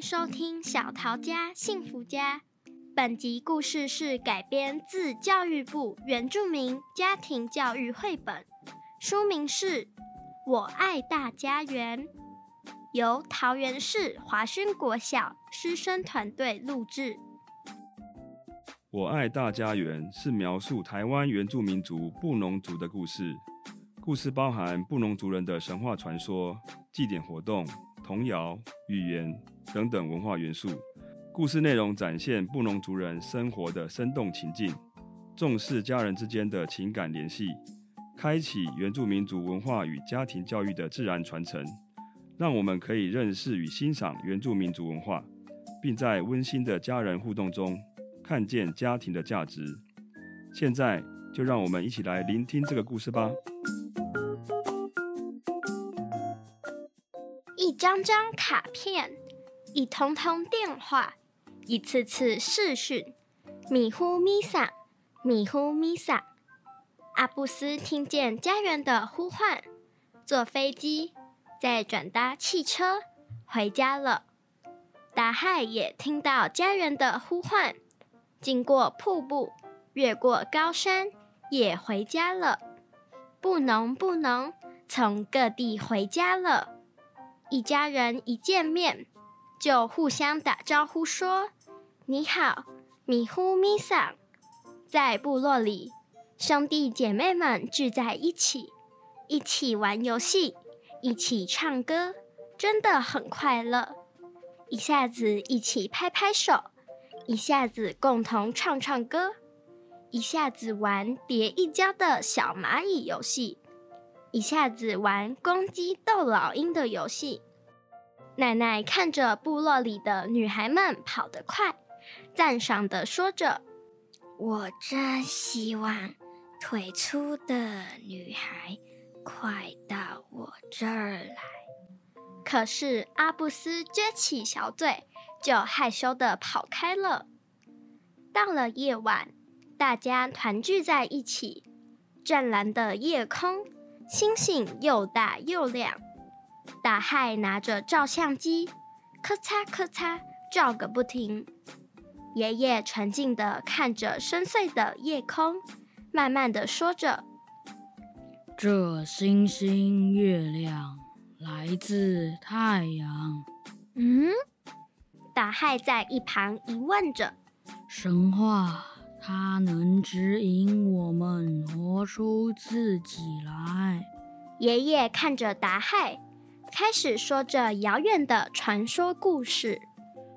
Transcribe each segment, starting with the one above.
收聽小桃家幸福家，本集故事是改編自教育部原住民家庭教育繪本，書名是《我愛大家園》，由桃園市華勛國小師生團隊錄製。《我愛大家園》是描述台灣原住民族布農族的故事，故事包含布農族人的神話傳說、祭典活動。童謠、語言等等文化元素，故事內容展現布農族人生活的生動情境，重視家人之間的情感聯繫，開啟原住民族文化與家庭教育的自然傳承，讓我們可以認識與欣賞原住民族文化，並在溫馨的家人互動中看見家庭的價值。現在，就讓我們一起來聆聽這個故事吧！一張張卡片，一通通電話，一次次視訊，米呼米撒，米呼米撒。阿布斯聽見家人的呼喚，坐飛機，再轉搭汽車，回家了。達嗨也聽到家人的呼喚，經過瀑布，越過高山，也回家了。布農布農從各地回家了。一家人一見面就互相打招呼，說：“你好，米呼米桑。”在部落裡，兄弟姐妹們聚在一起，一起玩遊戲，一起唱歌，真的很快樂。一下子一起拍拍手，一下子共同唱唱歌，一下子玩疊一家的小螞蟻遊戲。一下子玩公雞鬥老鷹的遊戲，奶奶看着部落裡的女孩們跑得快，讚賞地說着：“我真希望腿粗的女孩快到我這兒來。”可是阿布斯撅起小嘴，就害羞地跑開了。到了夜晚，大家團聚在一起，湛藍的夜空。星星又大又亮，達嗨拿着照相機，咔嚓咔嚓照個不停。爺爺沉靜的看着深邃的夜空，慢慢的說着：“這星星、月亮來自太陽。”嗯，達嗨在一旁疑問着：“神話。”它能指引我們活出自己來。爺爺看着達嗨，開始說着遙遠的傳說故事。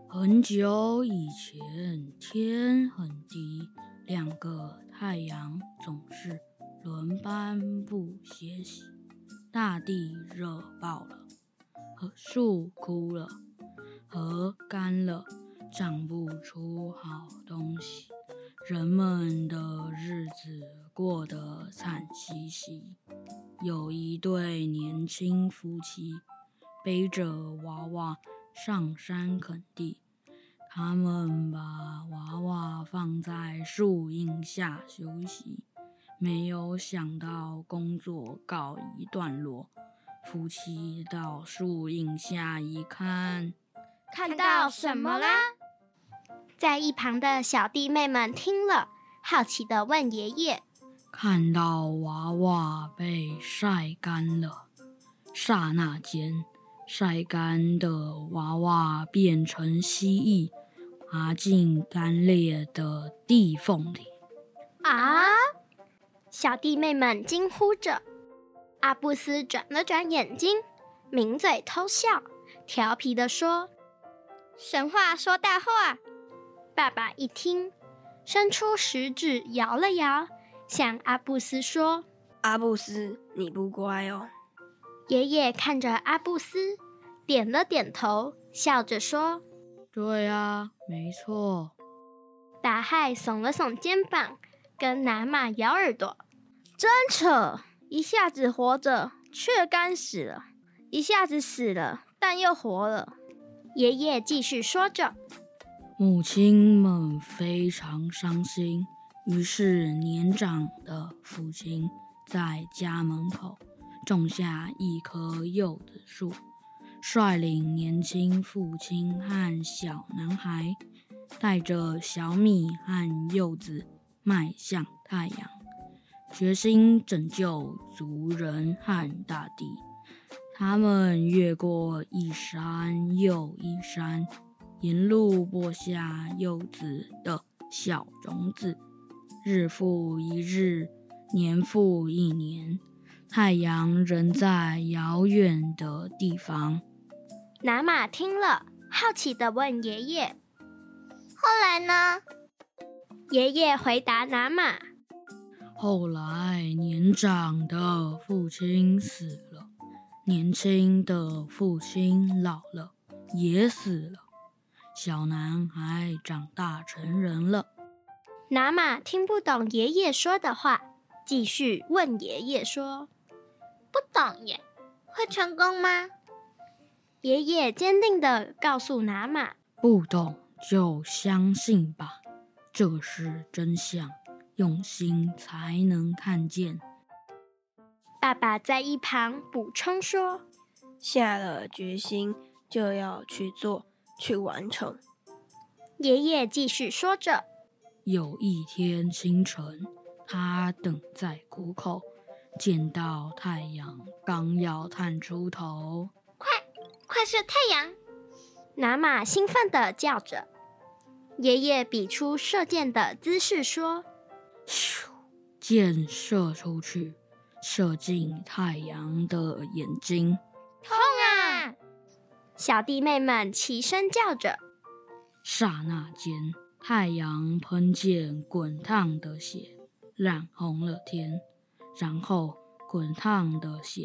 很久以前，天很低，兩個太陽總是輪班不歇息，大地熱爆了，和樹枯了，河乾了，長不出好東西。人們的日子過得慘兮兮。有一對年輕夫妻，背着娃娃上山墾地。他們把娃娃放在樹蔭下休息，沒有想到工作告一段落，夫妻到樹蔭下一看，看到什麼啦？在一旁的小弟妹們聽了，好奇地問爺爺：“看到娃娃被曬乾了，霎那間，曬乾的娃娃變成蜥蜴，爬進乾裂的地縫裡。”啊！小弟妹們驚呼着。阿布思轉了轉眼睛，抿嘴偷笑，調皮地說：“神話說大話。”爸爸一聽，伸出食指搖了搖，向阿布思說：“阿布思，你不乖哦。”爺爺看着阿布思，點了點頭，笑着說：“對啊，沒錯。”達嗨聳了聳肩膀，跟拿瑪咬耳朵：“真扯！一下子活着，卻乾死了；一下子死了，但又活了。”爺爺繼續說着。母親們非常傷心，於是年長的父親在家門口種下一棵柚子樹，率領年輕父親和小男孩，帶着小米和柚子邁向太陽，決心拯救族人和大地。他們越過一山又一山。沿路播下柚子的小種子，日復一日，年復一年，太陽仍在遙遠的地方。拿馬聽了，好奇地問爺爺：“後來呢？”爺爺回答拿馬：“後來，年長的父親死了，年輕的父親老了，也死了。”小男孩長大成人了，拿瑪聽不懂爺爺說的話，繼續問爺爺說：“不懂耶，會成功嗎？”爺爺堅定的告訴拿瑪：“不懂就相信吧，這是真相，用心才能看見。”爸爸在一旁補充說：“下了決心就要去做。”去完成。爺爺繼續說着：“有一天清晨，他等在谷口，見到太陽剛要探出頭，快快射太陽！”拿瑪興奮的叫着。爺爺比出射箭的姿勢說：“咻！”箭射出去，射進太陽的眼睛。小弟妹們齊聲叫着。剎那間，太陽噴濺滾燙的血，染紅了天。然後，滾燙的血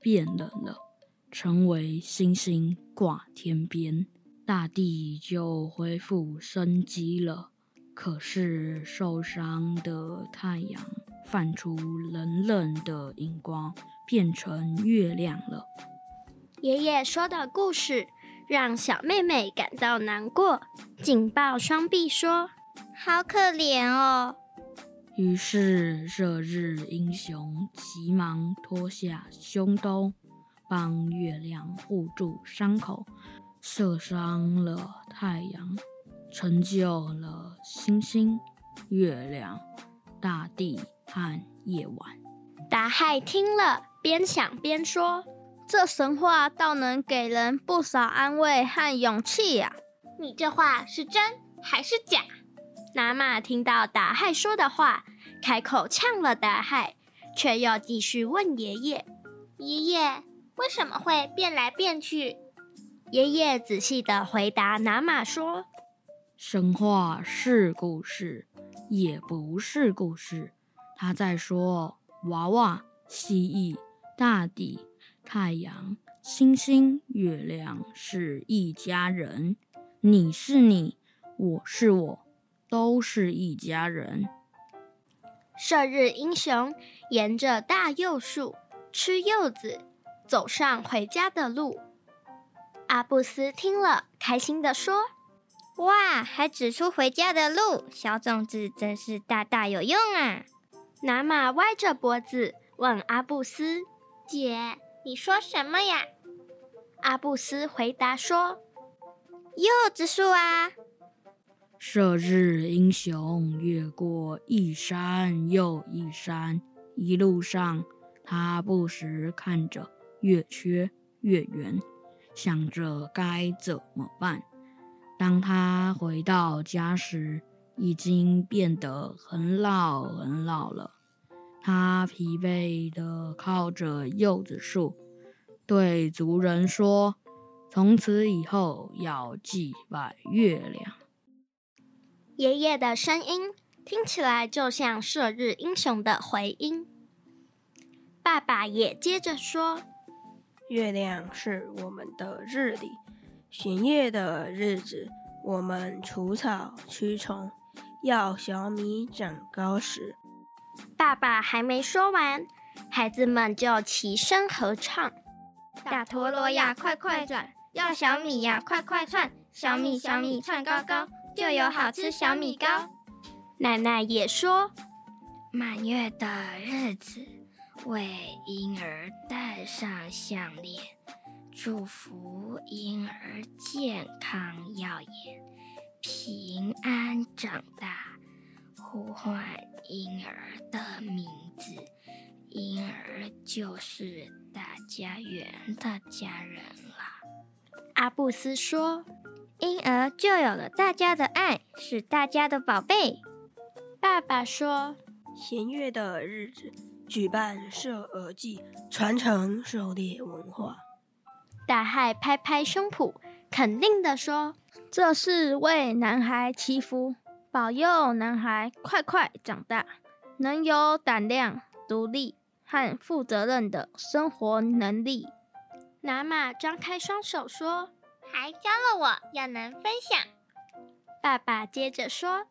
變冷了，成為星星掛天邊，大地就恢復生機了。可是，受傷的太陽泛出冷冷的銀光，變成月亮了。爺爺說的故事讓小妹妹感到難過，緊抱雙臂說：“好可憐哦。”於是，射日英雄急忙脫下胸兜，幫月亮護住傷口，射傷了太陽，成就了星星、月亮、大地和夜晚。達嗨聽了，邊想邊說。這神話倒能給人不少安慰和勇氣呀、啊！你這話是真還是假？拿瑪聽到達嗨說的話，開口嗆了達嗨，卻又繼續問爺爺：“爺爺為什麼會變來變去？”爺爺仔細地回答拿瑪說：“神話是故事，也不是故事。他在說娃娃、蜥蜴、大地。”太陽、星星、月亮是一家人，你是你，我是我，都是一家人。射日英雄沿着大柚樹吃柚子，走上回家的路。阿布思聽了，開心地說：“哇，還指出回家的路，小種子真是大大有用啊！”拿瑪歪着脖子問阿布思：“姐？”你說什麼呀？阿布斯回答說：“柚子樹啊！”射日英雄越過一山又一山，一路上他不時看着月缺月圓，想着該怎麼辦。當他回到家時，已經變得很老很老了。他疲憊的靠着柚子樹，對族人說：“從此以後要祭拜月亮。”爺爺的聲音聽起來就像射日英雄的回音。爸爸也接着說：“月亮是我們的日曆，巡夜的日子，我們除草驅蟲，要小米長高時。”爸爸還沒說完，孩子們就齊聲合唱：“打陀螺呀，快快轉；要小米呀，快快串。小米小米串高高，就有好吃小米糕。”奶奶也說：“滿月的日子，為嬰兒戴上項鏈，祝福嬰兒健康耀眼，平安長大。”呼喚嬰兒的名字，嬰兒就是大家園的家人了。阿布思說：“嬰兒就有了大家的愛，是大家的寶貝。”爸爸說：“弦月的日子，舉辦射耳祭，傳承狩獵文化。”達嗨拍拍胸脯，肯定的說：“這是為男孩祈福。”保佑男孩快快長大，能有膽量、獨立和負責任的生活能力。媽媽張開雙手說：“還教了我要能分享。”爸爸接着說：“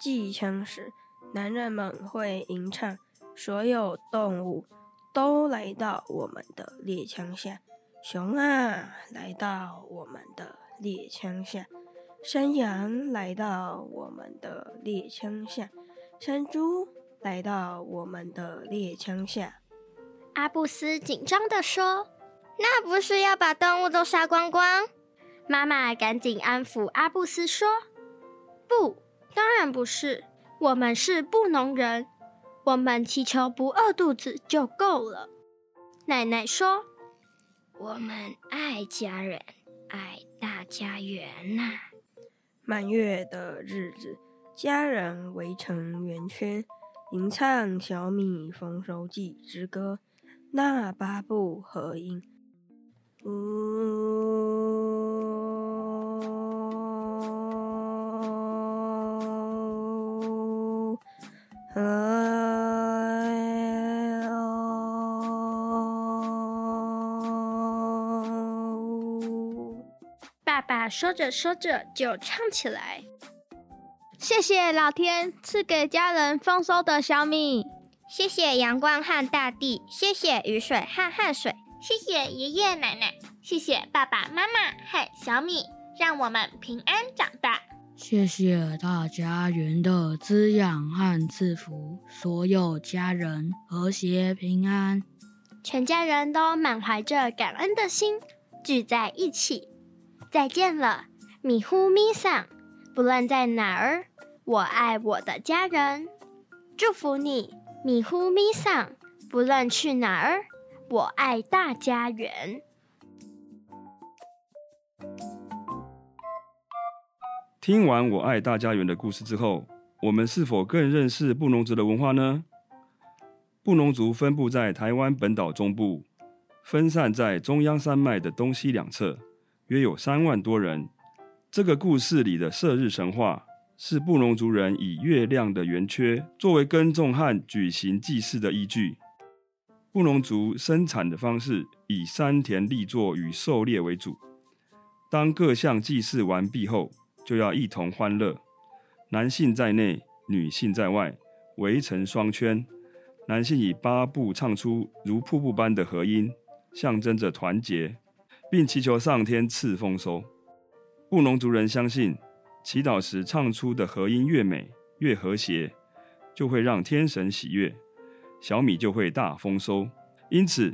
祭槍時，男人們會吟唱：‘所有動物都來到我們的獵槍下，熊啊，來到我們的獵槍下。’”山羊來到我們的獵槍下，山豬來到我們的獵槍下。阿布思緊張地說：“那不是要把動物都殺光光？”媽媽趕緊安撫阿布思說：“不，當然不是。我們是布農人，我們祈求不餓肚子就夠了。”奶奶說：“我們愛家人，愛大家園吶、啊。”滿月的日子，家人圍成圓圈，吟唱小米豐收季之歌，那八部合音，嗚、嗯，爸爸說着說着就唱起來。謝謝老天賜給家人豐收的小米，謝謝陽光和大地，謝謝雨水和汗水，謝謝爺爺奶奶，謝謝爸爸媽媽和小米，讓我們平安長大。謝謝大家園的滋養和賜福，所有家人和諧平安。全家人都滿懷着感恩的心聚在一起。再見了，米呼米桑！不論在哪兒，我愛我的家人，祝福你，米呼米桑！不論去哪兒，我愛大家園。聽完《我愛大家園》的故事之後，我們是否更認識布農族的文化呢？布農族分布在台灣本島中部，分散在中央山脈的東西兩側。約有三萬多人。這個故事裡的射日神話是布農族人以月亮的圓缺作為耕種和舉行祭祀的依據。布農族生產的方式以山田立作與狩獵為主。當各項祭祀完畢後，就要一同歡樂，男性在內，女性在外，圍成雙圈，男性以八部唱出如瀑布般的合音，象徵着團結。並祈求上天賜豐收。布農族人相信，祈禱時唱出的和音越美越和諧，就會讓天神喜悅，小米就會大豐收。因此，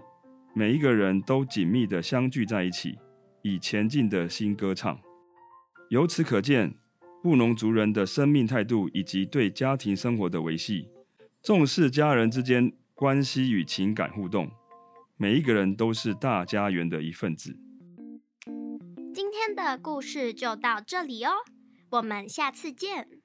每一個人都緊密地相聚在一起，以前進的心歌唱。由此可見，布農族人的生命態度以及對家庭生活的維繫，重視家人之間關係與情感互動。每一個人都是大家園的一份子。今天的故事就到這裡哦，我們下次見。